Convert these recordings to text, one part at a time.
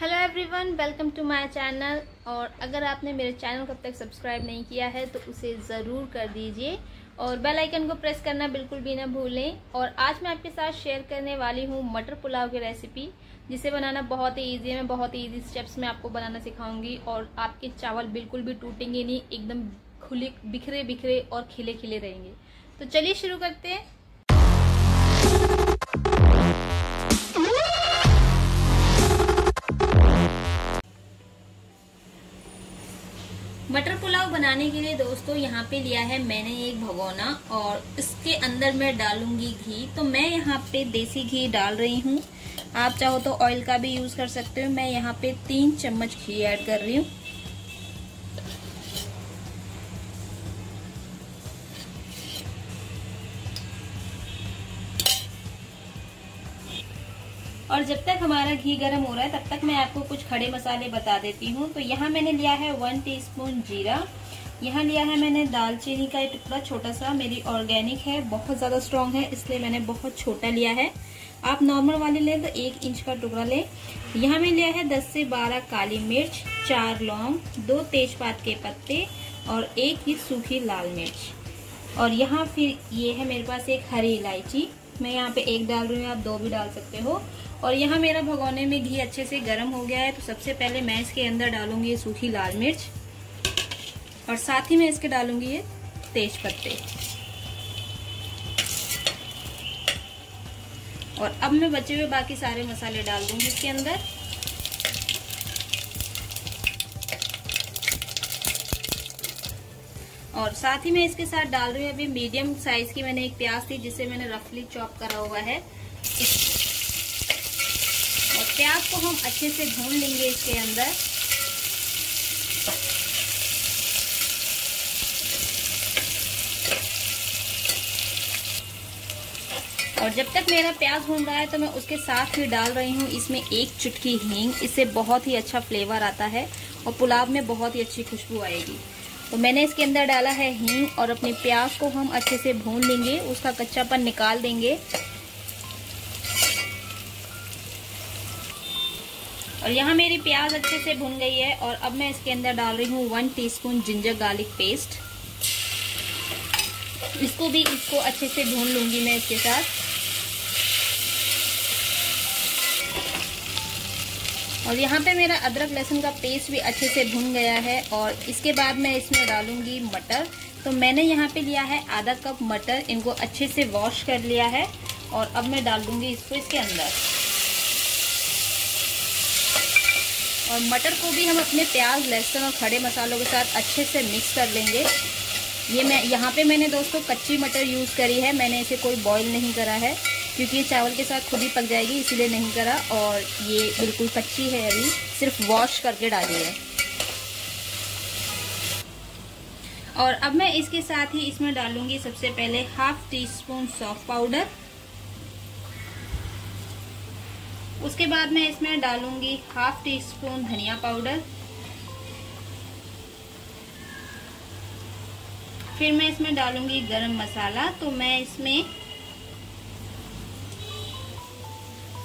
hello everyone welcome to my channel और अगर आपने मेरे चैनल को अब तक सब्सक्राइब नहीं किया है तो उसे ज़रूर कर दीजिए और बेल आइकन को प्रेस करना बिल्कुल भी ना भूलें और आज मैं आपके साथ शेयर करने वाली हूँ मटर पुलाव की रेसिपी जिसे बनाना बहुत ही ईजी है मैं बहुत ही ईजी स्टेप्स में आपको बनाना सिखाऊंगी और आपके चावल बिल्कुल भी टूटेंगे नहीं एकदम खुले बिखरे बिखरे और खिले खिले रहेंगे तो चलिए शुरू करते हैं मटर पुलाव बनाने के लिए दोस्तों यहाँ पे लिया है मैंने एक भगोना और इसके अंदर मैं डालूंगी घी तो मैं यहाँ पे देसी घी डाल रही हूँ आप चाहो तो ऑयल का भी यूज कर सकते हो मैं यहाँ पे तीन चम्मच घी ऐड कर रही हूँ और जब तक हमारा घी गर्म हो रहा है तब तक मैं आपको कुछ खड़े मसाले बता देती हूँ तो यहाँ मैंने लिया है वन टीस्पून जीरा यहाँ लिया है मैंने दालचीनी का एक टुकड़ा छोटा सा मेरी ऑर्गेनिक है बहुत ज़्यादा स्ट्रॉन्ग है इसलिए मैंने बहुत छोटा लिया है आप नॉर्मल वाले लें तो एक इंच का टुकड़ा लें यहाँ मैंने लिया है 10 से 12 काली मिर्च चार लौंग दो तेजपात के पत्ते और एक ही सूखी लाल मिर्च और यहाँ फिर ये है मेरे पास एक हरी इलायची मैं यहाँ पे एक डाल रही हूँ आप दो भी डाल सकते हो और यहाँ मेरा भगोने में घी अच्छे से गर्म हो गया है तो सबसे पहले मैं इसके अंदर डालूंगी सूखी लाल मिर्च और साथ ही मैं इसके डालूंगी ये तेज पत्ते और अब मैं बचे हुए बाकी सारे मसाले डाल दूंगी इसके अंदर और साथ ही मैं इसके साथ डाल रही हूँ अभी मीडियम साइज की मैंने एक प्याज थी जिसे मैंने रफली चॉप करा हुआ है प्याज को हम अच्छे से भून लेंगे इसके अंदर और जब तक मेरा प्याज भून रहा है तो मैं उसके साथ ही डाल रही हूँ इसमें एक चुटकी हींग इससे बहुत ही अच्छा फ्लेवर आता है और पुलाव में बहुत ही अच्छी खुशबू आएगी तो मैंने इसके अंदर डाला है हींग और अपने प्याज को हम अच्छे से भून लेंगे उसका कच्चापन निकाल देंगे और यहाँ मेरी प्याज अच्छे से भुन गई है और अब मैं इसके अंदर डाल रही हूँ one teaspoon ginger garlic paste इसको भी इसको अच्छे से भून लूंगी मैं इसके साथ और यहाँ पे मेरा अदरक लहसुन का पेस्ट भी अच्छे से भुन गया है और इसके बाद मैं इसमें डालूंगी मटर तो मैंने यहाँ पे लिया है आधा कप मटर इनको अच्छे से वॉश कर लिया है और अब मैं डाल दूंगी इसको इसके अंदर और मटर को भी हम अपने प्याज लहसुन और खड़े मसालों के साथ अच्छे से मिक्स कर लेंगे ये मैं यहाँ पे मैंने दोस्तों कच्ची मटर यूज़ करी है मैंने इसे कोई बॉईल नहीं करा है क्योंकि ये चावल के साथ खुद ही पक जाएगी इसीलिए नहीं करा और ये बिल्कुल कच्ची है अभी सिर्फ वॉश करके डाली है और अब मैं इसके साथ ही इसमें डालूंगी सबसे पहले हाफ टी स्पून सॉफ्ट पाउडर उसके बाद मैं इसमें डालूंगी हाफ टी स्पून धनिया पाउडर फिर मैं इसमें डालूंगी गरम मसाला तो मैं इसमें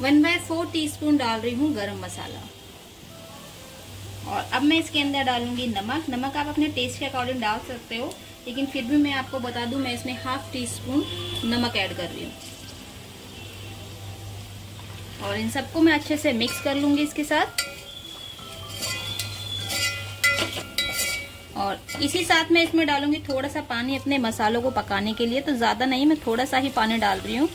one by four teaspoon डाल रही हूँ गरम मसाला और अब मैं इसके अंदर डालूंगी नमक नमक आप अपने टेस्ट के अकॉर्डिंग डाल सकते हो लेकिन फिर भी मैं आपको बता दूं मैं इसमें हाफ टी स्पून नमक ऐड कर रही हूँ और इन सबको मैं अच्छे से मिक्स कर लूंगी इसके साथ और इसी साथ मैं इसमें डालूंगी थोड़ा सा पानी अपने मसालों को पकाने के लिए तो ज़्यादा नहीं मैं थोड़ा सा ही पानी डाल रही हूँ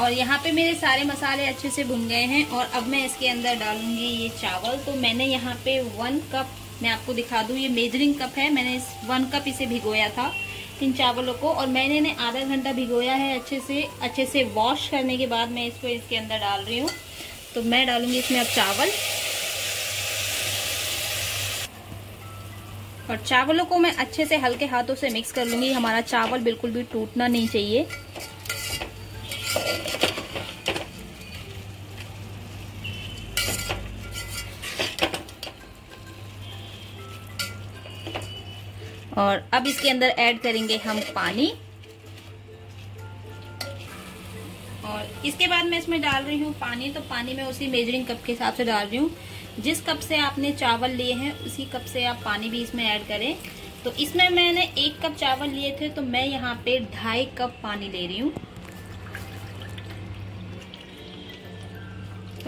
और यहाँ पे मेरे सारे मसाले अच्छे से भुन गए हैं और अब मैं इसके अंदर डालूंगी ये चावल तो मैंने यहाँ पे वन कप मैं आपको दिखा दू ये मेजरिंग कप है मैंने इस वन कप इसे भिगोया था इन चावलों को और मैंने इन्हें आधा घंटा भिगोया है अच्छे से अच्छे से वॉश करने के बाद मैं इसको इसके अंदर डाल रही हूँ तो मैं डालूंगी इसमें अब चावल और चावलों को मैं अच्छे से हल्के हाथों से मिक्स कर लूंगी हमारा चावल बिल्कुल भी टूटना नहीं चाहिए और अब इसके अंदर ऐड करेंगे हम पानी और इसके बाद मैं इसमें डाल रही हूँ पानी तो पानी मैं उसी मेजरिंग कप के हिसाब से डाल रही हूँ जिस कप से आपने चावल लिए हैं उसी कप से आप पानी भी इसमें ऐड करें तो इसमें मैंने एक कप चावल लिए थे तो मैं यहाँ पे ढाई कप पानी ले रही हूँ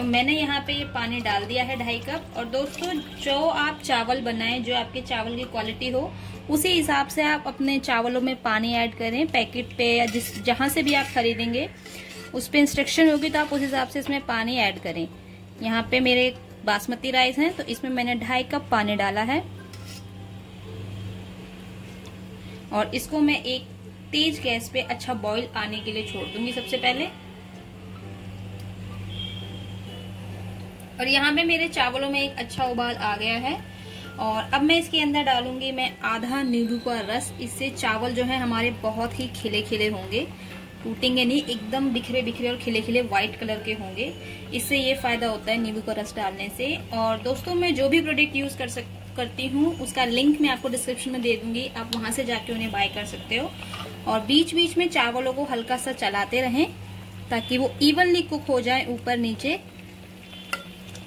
तो मैंने यहाँ पे ये पानी डाल दिया है ढाई कप और दोस्तों जो आप चावल बनाएं जो आपके चावल की क्वालिटी हो उसी हिसाब से आप अपने चावलों में पानी ऐड करें पैकेट पे या जिस जहाँ से भी आप खरीदेंगे उस पर इंस्ट्रक्शन होगी तो आप उस हिसाब से इसमें पानी ऐड करें यहाँ पे मेरे बासमती राइस हैं तो इसमें मैंने ढाई कप पानी डाला है और इसको मैं एक तेज गैस पे अच्छा बॉईल आने के लिए छोड़ दूंगी सबसे पहले और यहाँ पे मेरे चावलों में एक अच्छा उबाल आ गया है और अब मैं इसके अंदर डालूंगी मैं आधा नींबू का रस इससे चावल जो है हमारे बहुत ही खिले खिले होंगे टूटेंगे नहीं एकदम बिखरे बिखरे और खिले खिले व्हाइट कलर के होंगे इससे ये फायदा होता है नींबू का रस डालने से और दोस्तों मैं जो भी प्रोडक्ट यूज कर सक करती हूँ उसका लिंक मैं आपको डिस्क्रिप्शन में दे दूंगी आप वहां से जाके उन्हें बाय कर सकते हो और बीच बीच में चावलों को हल्का सा चलाते रहें ताकि वो इवनली कुक हो जाए ऊपर नीचे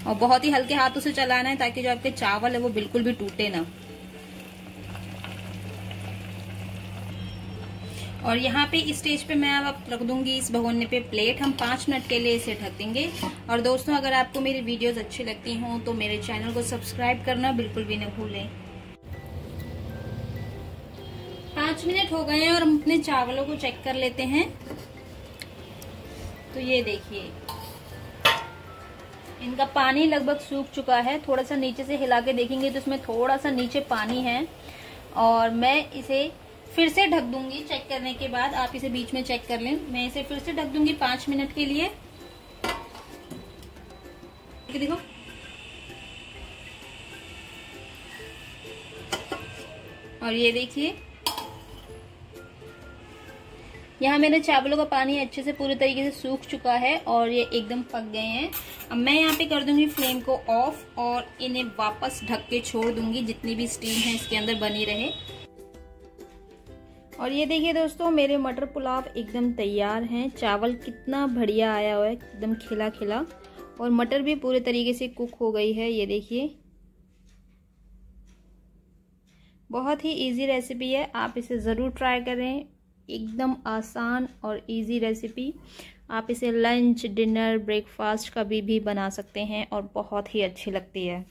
और बहुत ही हल्के हाथों से चलाना है ताकि जो आपके चावल है वो बिल्कुल भी टूटे ना और यहाँ पे इस स्टेज पे मैं अब रख दूंगी इस भगोने पे प्लेट हम पाँच मिनट के लिए इसे ढक देंगे और दोस्तों अगर आपको मेरी वीडियोस अच्छी लगती हों तो मेरे चैनल को सब्सक्राइब करना बिल्कुल भी ना भूलें पाँच मिनट हो गए हैं और हम अपने चावलों को चेक कर लेते हैं तो ये देखिए इनका पानी लगभग सूख चुका है थोड़ा सा नीचे से हिला के देखेंगे तो इसमें थोड़ा सा नीचे पानी है और मैं इसे फिर से ढक दूंगी चेक करने के बाद आप इसे बीच में चेक कर लें मैं इसे फिर से ढक दूंगी पांच मिनट के लिए देखो और ये देखिए यहाँ मेरे चावलों का पानी अच्छे से पूरे तरीके से सूख चुका है और ये एकदम पक गए हैं अब मैं यहाँ पे कर दूंगी फ्लेम को ऑफ और इन्हें वापस ढक के छोड़ दूंगी जितनी भी स्टीम है इसके अंदर बनी रहे और ये देखिए दोस्तों मेरे मटर पुलाव एकदम तैयार हैं चावल कितना बढ़िया आया हुआ है एकदम खिला खिला और मटर भी पूरे तरीके से कुक हो गई है ये देखिए बहुत ही इजी रेसिपी है आप इसे ज़रूर ट्राई करें एकदम आसान और इजी रेसिपी आप इसे लंच डिनर ब्रेकफास्ट कभी भी बना सकते हैं और बहुत ही अच्छी लगती है